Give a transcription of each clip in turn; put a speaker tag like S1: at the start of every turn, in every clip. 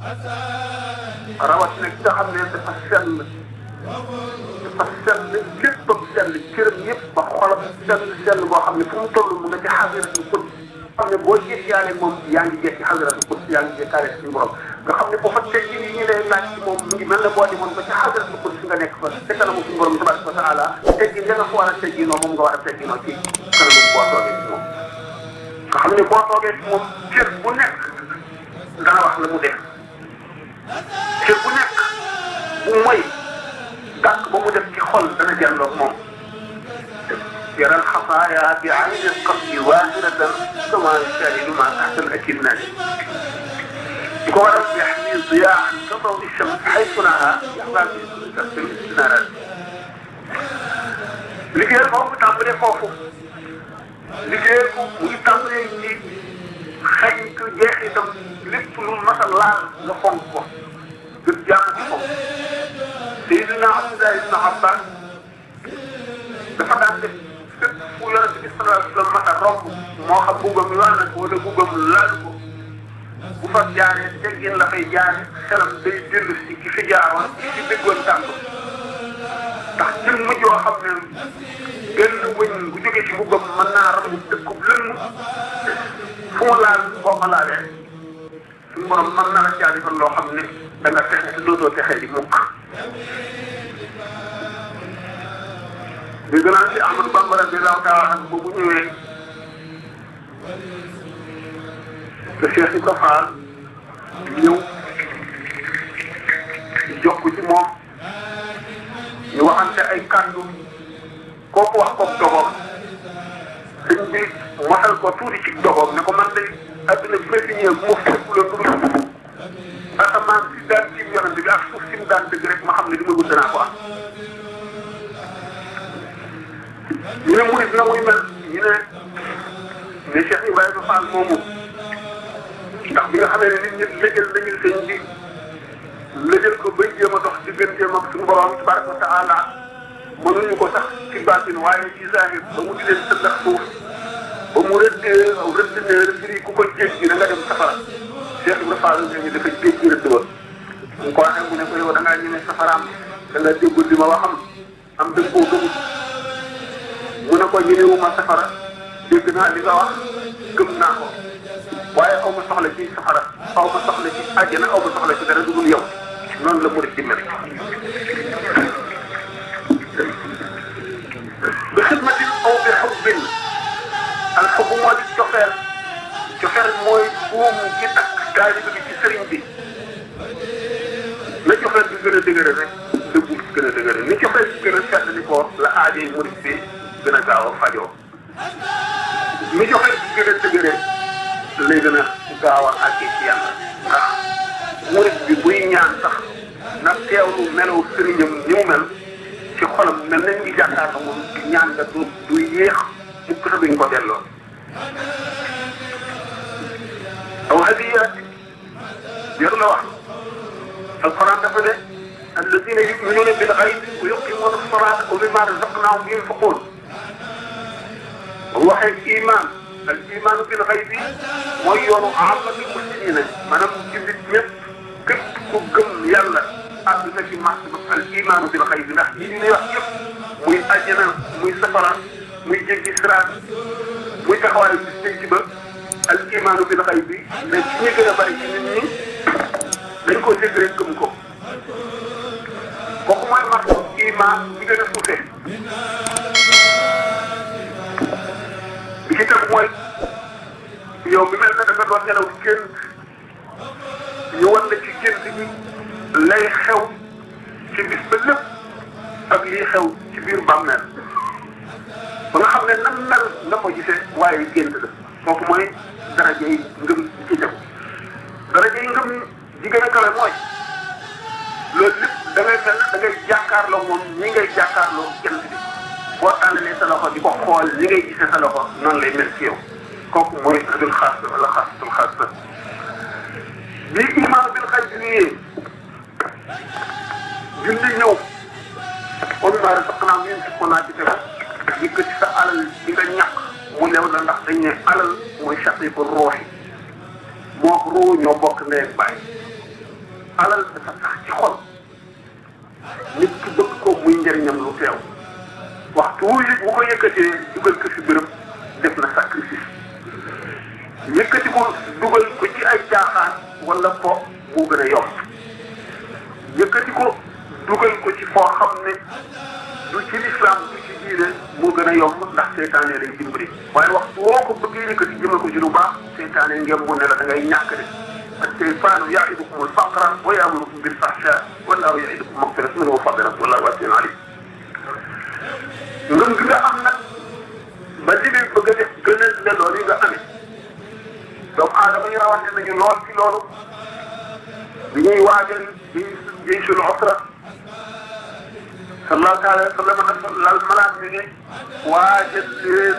S1: rawatina ki nga xam ne dafa sell dafa sell léppam sell cëram yëpp ba xolam sell sell boo xam ne fu mu toll mu nga ci xasiratul qudus xam ne boo jeex yaale moom yaa ngi jeex ci xasiratul qudus yaa ngi jeex kaale suñu borom nga xam ne bu fa tey jii ñu lay laaj ci moom mu ngi mel ne boo demoon ba ci xasiratul qudus nga nekk fa te kanamu suñu borom tabaraka wa taala tey jii nga fa war a tegginoo moom nga war a tegginoo ci kanamu boo toogee ci moom nga xam ne boo toogee ci moom cër bu nekk dana wax la mu def te bu nekk bu moy gàkk ba mu def ci xol dana jàlloog moom يرى الخطايا بعين القصد واهرة كما يشاهد مع أحسن الناس كورس يحمي ضياء عن كضوء الشمس حيث نهى يحظى بتقسيم السنارات لكي يرفعوا بتعبير خوفه لكي يرفعوا بتعبير xañtu jeexitam lépp lu mas a laal nga fonk ko ngir jàmm ci ko Seydina Abdullah ibn Abbas dafa daan def fépp fu yonente bi sallallahu alayhi wa sallam mas a romb moo xam buggam laal na ko wala buggam laal ko bu fa jaaree teggin la fay jaaree xelam day dellu si ki fi jaaroon ci déggoon tànk ndax jën mujj yoo xam ne benn wëñ bu jógee ci buggam mën naa romb dëkkub lënn fu mu laal boo ko laalee suñu borom mën na la jaali kon loo xam ne da nga fexe te dootoo texee di mukk di gënaan si Ahmadou Bamba bi laaw kaa ak boobu ñëwee te Cheikh Ibra Fall ñëw jokk ci moom ñu waxante ay kàddu kooku wax koog dogo sëñ bi waxal ko tuuti ci doxam ne ko man de adduna bi may fi ñëw moo fekk la lu asamaan si daan ci yonent bi ak suuf si mu daan dëgg rek ma xam ne li ma wut danaa ko am. ñu ne murit na muy mel ñu ne ne Cheikh Ibrahima Fall moomu ndax bi nga xamee ne nit ñi lëjël lañu sëñ bi lëjël ko bay jéem a dox digganteem ak suñu borom tabaraka wa taala mënuñu ko sax ci baatin waaye ci zahir ba mu di leen sëndax foofu ba mu rëdd rëdd ne rëdd bi ku ko jéggi da nga dem safara Cheikh Ibrahima Fall ne dafa jéggi rëdd ba mu ko waxee mu ne ko yow da ngaa ñeme safaraam da nga déggul li ma waxam am dëgg koo gëm mu ne ko ñemewu ma safara dégg naa li nga wax gëm naa ko waaye aw ma soxla ci safara aw ma soxla ci àjjana aw ma soxla ci dara dugul yow noonu la mu di mel bi xidmatin aw bi xubbin boobu moo di cofeel cofeel mooy buumu gi takk taalibe bi ci sëriñ bi na cofeel bi gën a dëgëral rek dëggu bi gën a ni cofeel bi gën a sedd li ko la aajee murit bi gën a gaaw a fajoo ni cofeel bi gën a dëgëral lay gën a gaaw a àggee ci yàlla ndax murit bi buy ñaan sax na teewlu melaw sëriñam ni mu mel ci xolam mel nañ ngi jàkkaarloo moom di ñaan nga du du yéex mukk sax duñ ko delloo aw hadiyaati yor na wax alquran dafa ne alladina yuminuuna bil xayb wa yuqimuuna alsalata wa mimma razaqnahum yunfiquun bu waxee iman al imaanu bil xaybi mooy yoonu amati muslimina maanaam jullit ñëpp képp ku gëm yàlla àdduna ci martaba al imaanu bil xaybi ndax li ñuy wax yëpp muy àjjana muy safara mu jéggi siraat muy taxawal bis penc al imaanu bi mais ci ñu gën a bari ci nit ñi dañ koo dégg rek gëm ko kooku mooy max iman bi gën a suufe bi ci tegu mooy yow bi mel na dafa doon nelaw ci génn ñu wan la ci xew ci bis ba lépp ak xew ci biir bàmmeel ba nga xam ne nan nan nga ko gisee waaye gént la kooku mooy daraja yi ngëm ci def a kawe mooy loolu lépp da ngay mel da ngay jàkkaarloo moom ñi ngay jàkkaarloo jant bi boo tàllalee sa loxo di ko xool li ngay gisee sa loxo noonu lay mel bi iman bil bi ñëwee julli ñëw on mara sax naa ñun ci ko naa ci yëkkati sa alal di nga mu lew na ndax dañ ne alal mooy shaqiiqu ruuxi mook ruu ñoo bokk ndey ak baay alal dafa sax ci xol nit ki bëgg ko muy njëriñam lu teew waxtu wu bu ko yëkkatee dugal ko ci bërëb def na sacrifice yëkkati ko dugal ko ci ay caaxaan wala ko moo gën a yomb yëkkati ko dugal ko ci foo xam ne du ci lislaam diine moo gën a yomb ndax seytaane lay dimbali waaye wax woo ko bëggee yëkkati jëme ko ci lu baax seytaane ngeen mu ne la da ngay ñàkk de ak seytaanu yaidukum al faqra wa yamurukum bil fahsha wallaahu yaidukum magfiratan minhu wa fadlan wallaahu wasi'un alim ngëm gi nga am nag ba li ngay bëgg a def gën a ne loolu yi nga amee doomu aadama ñu rawante nañu lool ci loolu bi ñuy waajal jëy jëy suñu osra sallallahu taala alayhi wa sallam lal malaat mi ne waaj a leen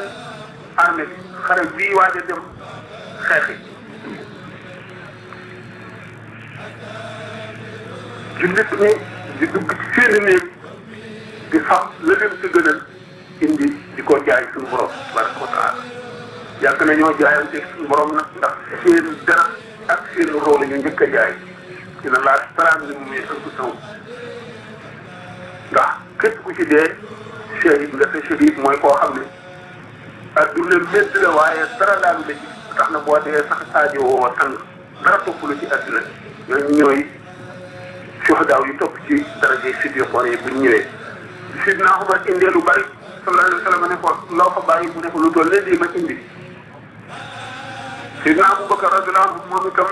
S1: armée bi xare bii waaj a dem xeexi jullit ñi di dugg ci seeni néeg di fab la leen ci gënal indi di ko jaay suñu borom tabaraka wa taala yàgg nañoo jaayante suñu borom nag ndax seen dara ak seen rôle ñu njëkk a jaay dina laa salaam li mu mee ëpp saw ndax képp ku ci dee chérif nga sa chérif mooy koo xam ne ak du la métti la waaye dara daanu la ci tax na boo dee sax saajo woo tàng dara topp lu ci àdduna ñooñu ñooy suhadaaw yu topp ci daraje siddiqoon yi bu ñu ñëwee. sidna Umar indee lu bari sallallahu alayhi wa sallam ne ko loo fa bàyyi mu ne ko lu toll ma indi. sidna Abubakar radiyallahu moom itam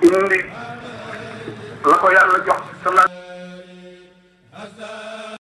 S1: indi la ko yàlla jox sallallahu